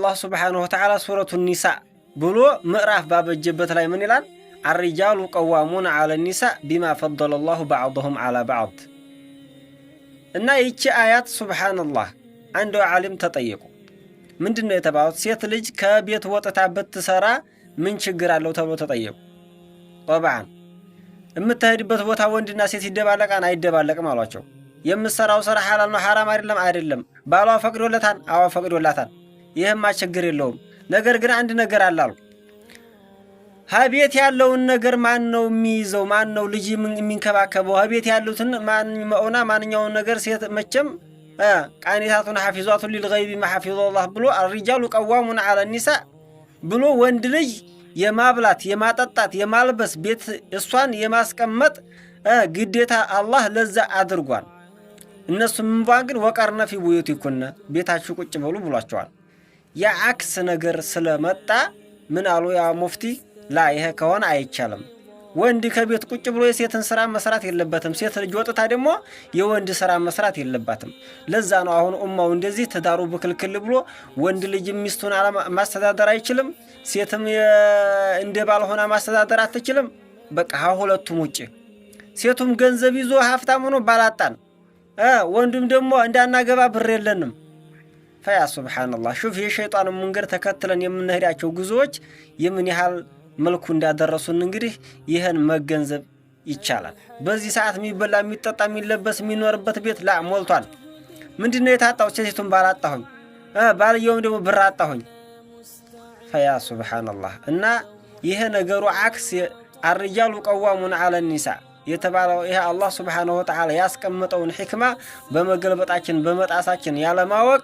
አላህ ስብሓንሁ ተዓላ ሱረቱ ኒሳ ብሎ ምዕራፍ ባበጀበት ላይ ምን ይላል? አሪጃሉ ቀዋሙን አለ ኒሳ ቢማ ፈደለ ላሁ ባዕድሁም አላ ባዕድ። እና ይቺ አያት ሱብሓነላህ አንድ ዓሊም ተጠየቁ። ምንድን ነው የተባሉት? ሴት ልጅ ከቤት ወጥታ ብትሰራ ምን ችግር አለው ተብሎ ተጠየቁ። ጠብዓን የምትሄድበት ቦታ ወንድና ሴት ይደባለቃን አይደባለቅም አሏቸው። የምትሰራው ስራ ሐላል ነው ሐራም አይደለም? አይደለም። ባሏ ፈቅዶለታን? አዋ ፈቅዶላታን። ይህማ ችግር የለውም። ነገር ግን አንድ ነገር አላሉ። ሀቤት ያለውን ነገር ማን ነው የሚይዘው? ማን ነው ልጅ የሚንከባከበው? ሀቤት ያሉትን መኦና ማንኛውን ነገር ሴት መቼም ቃኒታቱን ሐፊዟቱን ሊልገይቢ መሐፊዙላህ ብሎ አልሪጃሉ ቀዋሙን አለ ኒሳ ብሎ ወንድ ልጅ የማብላት የማጠጣት፣ የማልበስ ቤት እሷን የማስቀመጥ ግዴታ አላህ ለዛ አድርጓል። እነሱ ምንቧን ግን ወቀርነ ፊ ቡዩቲኩነ ቤታችሁ ቁጭ በሉ ብሏቸዋል። የአክስ ነገር ስለመጣ ምን አሉ ያ ሙፍቲ ላ ይሄ ከሆነ አይቻልም። ወንድ ከቤት ቁጭ ብሎ የሴትን ስራ መስራት የለበትም። ሴት ልጅ ወጥታ ደግሞ የወንድ ስራ መስራት የለባትም። ለዛ ነው አሁን እማው እንደዚህ ትዳሩ ብክልክል ብሎ ወንድ ልጅ ሚስቱን ማስተዳደር አይችልም፣ ሴትም እንደ ባልሆና ማስተዳደር አትችልም። በቃ ሁለቱም ውጭ። ሴቱም ገንዘብ ይዞ ሀብታም ሆኖ ባላጣን፣ ወንዱም ደግሞ እንዳናገባ ብር የለንም ፈያ ሱብሓነላህ ሹፍ የሸይጣንን መንገድ ተከትለን የምንሄዳቸው ጉዞዎች የምን ያህል መልኩ እንዳደረሱን እንግዲህ ይህን መገንዘብ ይቻላል። በዚህ ሰዓት የሚበላ የሚጠጣ የሚለበስ የሚኖርበት ቤት ላ ሞልቷል። ምንድን ነው የታጣው? ሴቲቱን ባላጣሁኝ ባልየውም ደግሞ ብር አጣሁኝ። ፈያ ሱብሓነላህ እና ይህ ነገሩ አክስ አርጃሉ ቀዋሙን አለ ኒሳ የተባለው ይሄ አላህ ሱብሓነሁ ወተዓላ ያስቀመጠውን ሕክማ በመገልበጣችን በመጣሳችን ያለማወቅ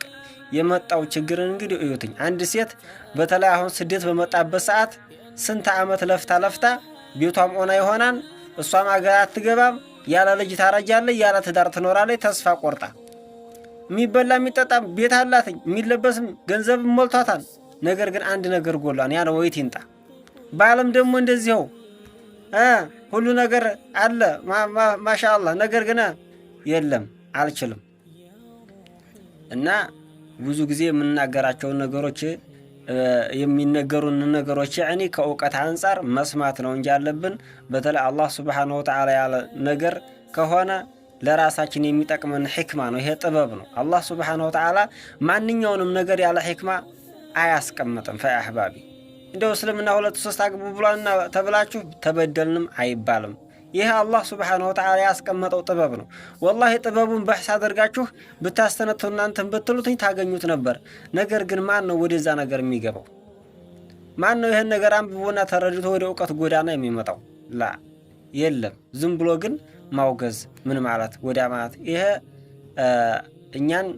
የመጣው ችግርን እንግዲህ እዩትኝ። አንድ ሴት በተለይ አሁን ስደት በመጣበት ሰዓት ስንት ዓመት ለፍታ ለፍታ ቤቷም ኦና ይሆናል፣ እሷም አገር አትገባም፣ ያለ ልጅ ታረጃለች፣ ያለ ትዳር ትኖራለች። ተስፋ ቆርጣ የሚበላ የሚጠጣም ቤት አላትኝ፣ የሚለበስም ገንዘብም ሞልቷታል። ነገር ግን አንድ ነገር ጎሏን ያለ ወይት ይንጣ። በዓለም ደግሞ እንደዚው ሁሉ ነገር አለ ማሻአላህ፣ ነገር ግን የለም አልችልም እና ብዙ ጊዜ የምናገራቸውን ነገሮች የሚነገሩን ነገሮች ያኔ ከእውቀት አንጻር መስማት ነው እንጂ አለብን። በተለይ አላህ ስብሓነሁ ወተዓላ ያለ ነገር ከሆነ ለራሳችን የሚጠቅመን ሕክማ ነው። ይሄ ጥበብ ነው። አላህ ስብሓነሁ ወተዓላ ማንኛውንም ነገር ያለ ሕክማ አያስቀምጥም። ፈአሕባቢ እንደው እስልምና ሁለት ሶስት አግቡ ብሏና ተብላችሁ ተበደልንም አይባልም። ይህ አላህ ስብሓነሁ ወተዓላ ያስቀመጠው ጥበብ ነው። ወላሂ ጥበቡን በሕስ አድርጋችሁ ብታስተነተው እናንተን ብትሉትኝ ታገኙት ነበር። ነገር ግን ማን ነው ወደዛ ነገር የሚገባው? ማን ነው ይህን ነገር አንብቦና ተረድቶ ወደ እውቀት ጎዳና የሚመጣው? ላ የለም። ዝም ብሎ ግን ማውገዝ ምን ማለት ወዳ ማለት ይሄ እኛን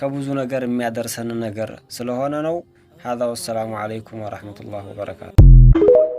ከብዙ ነገር የሚያደርሰን ነገር ስለሆነ ነው። ሀዛ ወሰላሙ አለይኩም ወረሕመቱላህ ወበረካቱ።